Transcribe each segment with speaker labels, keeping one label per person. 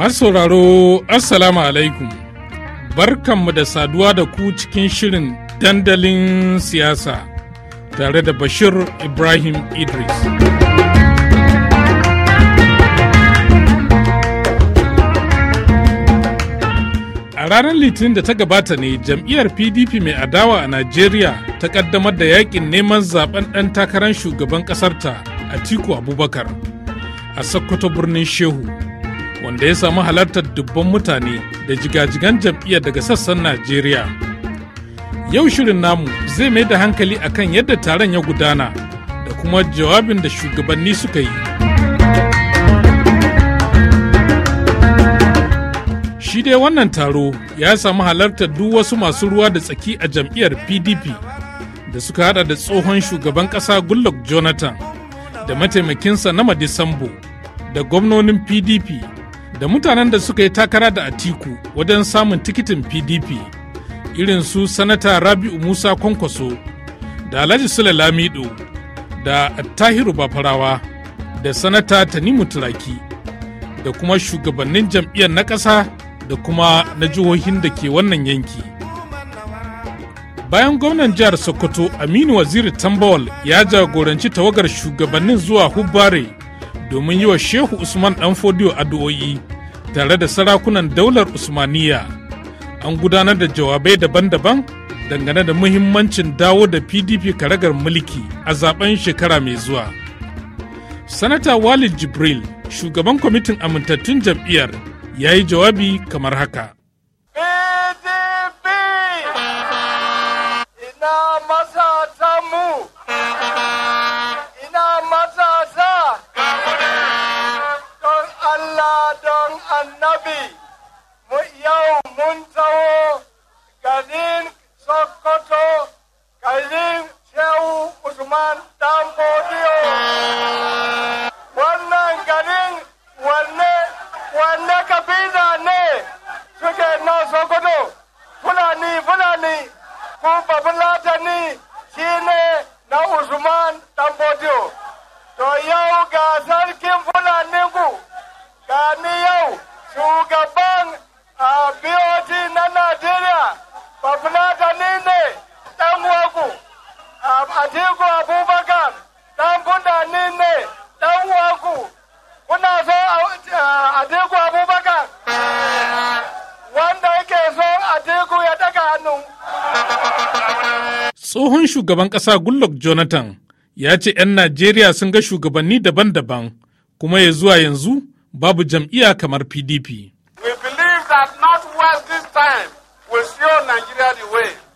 Speaker 1: Masu sauraro Assalamu alaikum barkanmu da saduwa da ku cikin shirin dandalin siyasa tare da Bashir Ibrahim Idris. A ranar Litinin da ta gabata ne jam'iyyar PDP mai adawa a Najeriya ta kaddamar da yakin neman zaben ɗan takarar shugaban ƙasarta a tiku Abubakar a Sokoto birnin Shehu. wanda ya samu halartar dubban mutane da jigajigan jam'iyyar daga sassan Najeriya. Yau shirin namu zai mai da hankali akan yadda taron ya gudana da kuma jawabin da shugabanni suka yi. Shi dai wannan taro ya samu halartar duk wasu masu ruwa da tsaki a jam'iyyar PDP da suka hada da tsohon shugaban ƙasa Goodluck Jonathan da mataimakinsa na Madisambo da gwamnonin PDP da mutanen da suka yi takara da atiku wajen samun tikitin pdp irin su sanata rabi'u musa kwankwaso da alhaji sule lamido da attahiru bafarawa da sanata tanimu turaki da kuma shugabannin jam'iyyar na ƙasa da kuma na jihohin da ke wannan yanki bayan gwamnan jihar sokoto aminu waziri tambawal ya jagoranci tawagar shugabannin zuwa hubbare domin yi wa Shehu Usman ɗan fodiyo addu'o'i tare da sarakunan daular Usmaniyya An gudanar da jawabai daban-daban dangane da muhimmancin dawo da PDP karagar mulki a zaben shekara mai zuwa. Sanata Walid Jibril, shugaban kwamitin amintattun jam'iyyar, ya yi jawabi kamar haka. PDP!
Speaker 2: Ina masa mu! mutanen sokoto fulani fulani kuma fulatani ne na usman tambodiyo to yau ga sarkin fulani ku yau shugaban a biyoji na najeriya ba fulatani ne dan uwanku atiku abubakar dan ne dan kuna so atiku
Speaker 1: Tsohon shugaban ƙasa Goodluck Jonathan ya ce 'yan Najeriya sun ga shugabanni daban-daban kuma ya zuwa yanzu babu jam'iyya kamar PDP.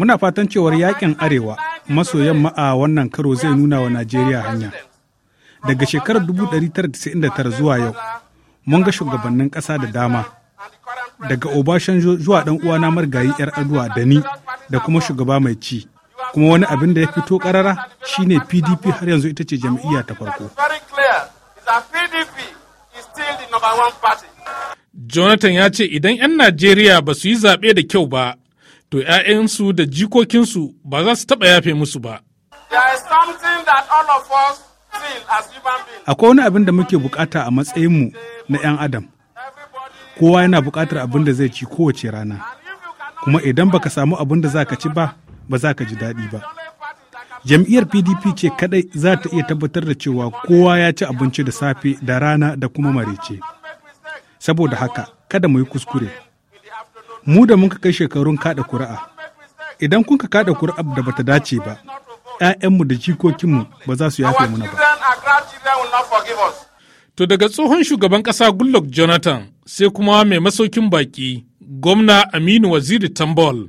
Speaker 3: Muna fatan cewar yakin Arewa maso yamma a wannan karo zai nuna wa Najeriya hanya. Daga shekarar 1999 zuwa yau, mun ga shugabannin ƙasa da dama. Daga Obashanjo zuwa ɗan uwana marigayi 'yar aduwa da ni da kuma shugaba mai ci. kuma wani abin da ya fito karara
Speaker 1: shine pdp har yanzu ita ce jam'iyya ta farko jonathan ya ce idan 'yan najeriya ba su yi zaɓe da kyau ba to 'ya'yansu da jikokinsu ba za su taɓa yafe musu ba akwai
Speaker 3: wani abin da muke bukata a matsayinmu na 'yan adam kowa yana bukatar abin da zai ci kowace rana kuma idan baka samu abin da za ka ci ba ba za ka ji daɗi ba jam'iyyar pdp ce kadai za ta iya tabbatar da cewa kowa ya ci abinci da safe da rana da kuma marece saboda haka kada mu yi kuskure mu da muka kai shekarun kada kuri'a idan kun ka kada kuri'a da bata dace ba 'ya'yanmu da
Speaker 1: jikokinmu ba za su yafe muna ba to daga tsohon shugaban ƙasa goodluck jonathan sai kuma mai masaukin baƙi gwamna aminu waziri tambol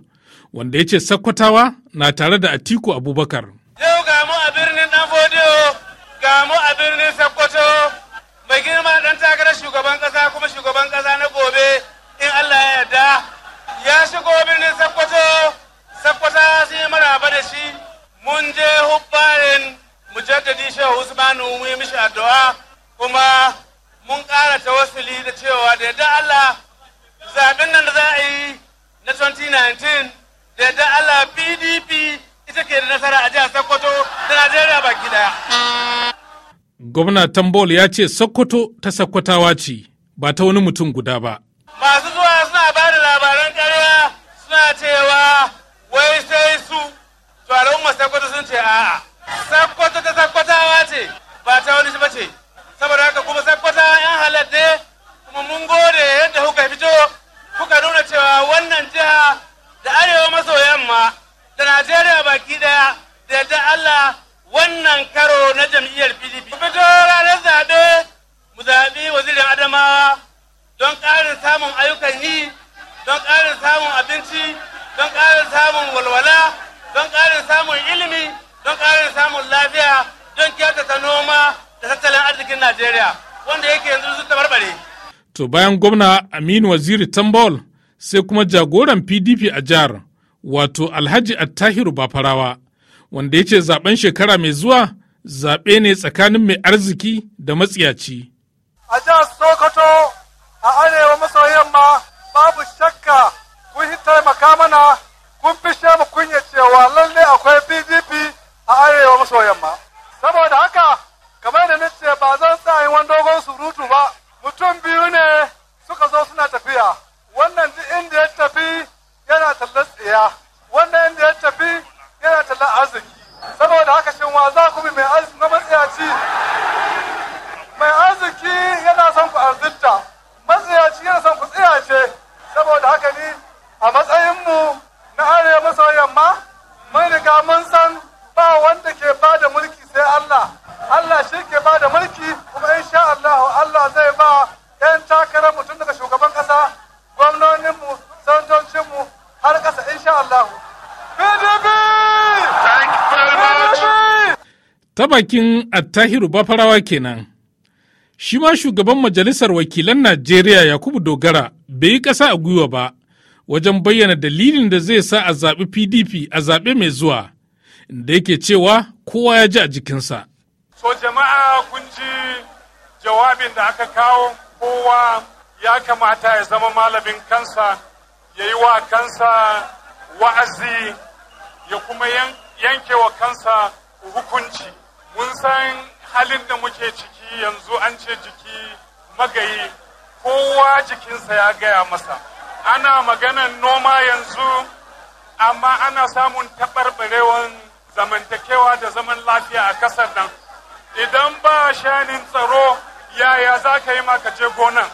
Speaker 1: wanda ya ce sakkwatawa na tare da atiku abubakar
Speaker 4: yau ga mu a birnin dan fodiyo ga mu a birnin sakkwato mai girma dan takarar shugaban ƙasa kuma shugaban ƙasa na gobe in allah ya yarda ya shigo birnin sakkwato sakkwata sun yi maraba da shi mun je hubbarin mujaddadi shehu usmanu mu yi mishi addu'a kuma mun ƙara tawassuli da cewa da yadda allah zaɓen nan da za a yi na 2019 da yadda Allah PDP ita ke da nasara a jihar Sokoto da Najeriya baki daya.
Speaker 1: Gwamna Tambol ya ce Sokoto ta Sokotawa ce ba ta wani mutum guda ba.
Speaker 4: Masu zuwa suna ba da labaran karya suna cewa wai sai su tsoron masu Sokoto sun ce a'a. Sokoto ta Sokotawa ce ba ta wani ba ce. Saboda haka kuma Sokotawa 'yan halar kuma mun gode yadda kuka fito kuka gida daya da da Allah wannan karo na jam'iyyar PDP. Ku fito ranar zaɓe mu zaɓi wazirin Adamawa don ƙarin samun ayyukan yi, don ƙarin samun abinci, don ƙarin samun walwala, don ƙarin samun ilimi, don ƙarin samun lafiya, don kyautata noma da tattalin arzikin Najeriya wanda yake yanzu su
Speaker 1: tabarbare. To bayan gwamna Aminu Waziri Tambol sai kuma jagoran PDP a jihar wato Alhaji Attahiru Bafarawa, wanda ya ce zaben shekara mai zuwa zaɓe ne tsakanin mai arziki da matsiyaci.
Speaker 2: A jihar Sokoto a arewa maso yamma babu shakka kun taimaka makamana, kun fi mu kunya cewa lallai akwai PDP a arewa maso yamma. Saboda haka kamar da nace ba zan sa yi wani dogon surutu ba mutum biyu ne suka zo suna tafiya wannan duk inda ya tafi tallar tsiya wannan da ya tafi yana tallar arziki saboda haka shin wa za ku bi mai arziki na matsiyaci mai arziki yana son ku arzitta matsayaci yana son ku tsiyace saboda haka ni a matsayinmu na arewa maso yamma mun riga mun sa
Speaker 1: ta bakin attahiru bafarawa kenan shi ma shugaban majalisar wakilan najeriya yakubu dogara bai yi ƙasa a gwiwa ba wajen bayyana dalilin da zai sa a zaɓi pdp a zaɓe mai zuwa da yake cewa kowa ya ji a jikinsa
Speaker 2: so jama'a kun ji jawabin da aka kawo kowa ya kamata ya zama malamin kansa ya yi wa kansa wa'azi ya kuma yanke wa kansa hukunci mun san halin da muke ciki yanzu an ce jiki magayi kowa jikinsa ya gaya masa ana maganan noma yanzu amma ana samun taɓarɓarewan zamantakewa da zaman lafiya a ƙasar nan idan ba shanin tsaro yaya za ka yi maka je gonan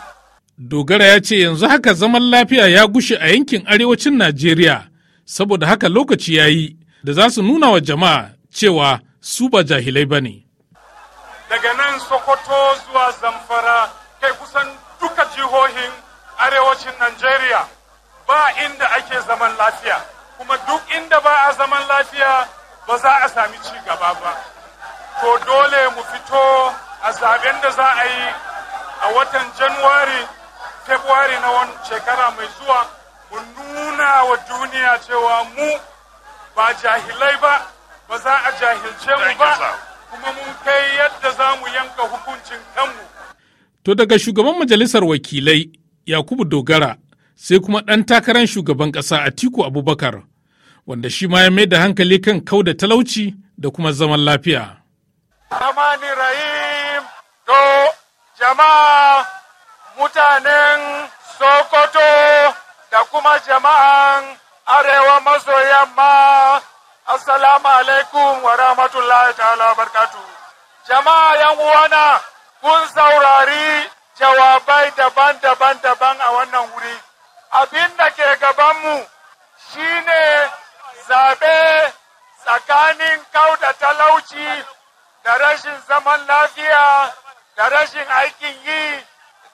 Speaker 1: dogara ya ce yanzu haka zaman lafiya ya gushe a yankin arewacin najeriya saboda haka lokaci ya yi da za su nuna wa jama'a cewa su ba jahilai ba ne.
Speaker 2: Daga nan Sokoto zuwa Zamfara kai kusan duka jihohin arewacin Najeriya ba inda ake zaman lafiya, kuma duk inda ba a zaman lafiya ba za a sami ci gaba ba. To dole mu fito a zaben da za a yi a watan Januwari, Februari na wani shekara mai zuwa, mu nuna nuna wa duniya cewa mu ba jahilai ba ba za a jahilce mu ba kuma mun kai yadda za mu yanka hukuncin kanmu.
Speaker 1: To daga shugaban majalisar wakilai Yakubu Dogara sai kuma ɗan takarar shugaban ƙasa Atiku Abubakar wanda shi ma ya mai da hankali kan kau da talauci da kuma zaman lafiya.
Speaker 2: Amani Rahim to jama'a mutanen Sokoto da kuma jama'an arewa maso yamma assalamu alaikum wa rahmatullahi ta'ala barkatu jama'a yan uwana kun saurari jawabai daban-daban daban a wannan wuri abin da ke gabanmu ne. zaɓe tsakanin kauda talauci da rashin zaman lafiya da rashin aikin yi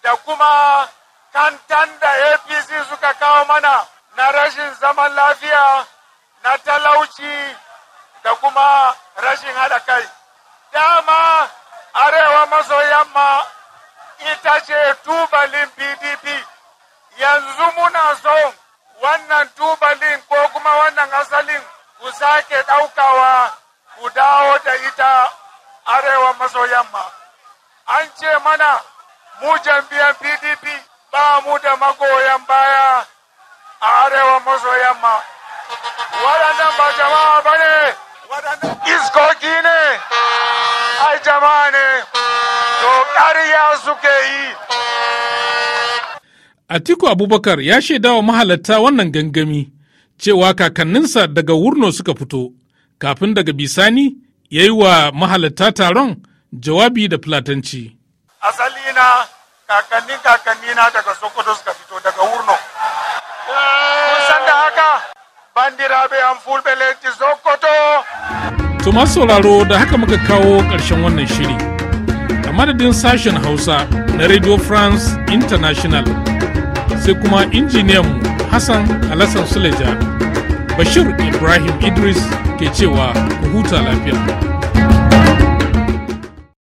Speaker 2: da kuma kantan da apc suka kawo mana na rashin zaman lafiya na talauci da kuma rashin haɗa kai dama arewa maso yamma ita ce tubalin pdp yanzu muna so wannan tubalin ko kuma wannan asalin ku sake ɗaukawa ku dawo da ita arewa maso yamma an ce mana mu jam'iyyar pdp ba mu da magoyan baya a arewa maso yamma waɗannan ba jama'a ba ne iskoki ne ai jama'a ne to ƙarya suke yi
Speaker 1: Atiku Abubakar ya shaidawa mahalatta wannan gangami cewa kakanninsa daga Wurno suka fito, kafin daga bisani ya yi wa mahalatta taron jawabi da Filatanci.
Speaker 2: Asali na kakanni kakanni na daga sokoto suka fito daga wurno kun san da haka bandirabe an fulbe sokoto
Speaker 1: to masu sauraro da haka muka kawo ƙarshen wannan shiri a madadin sashen hausa na radio france international sai kuma mu hassan alassan suleja bashir ibrahim idris ke cewa huta lafiya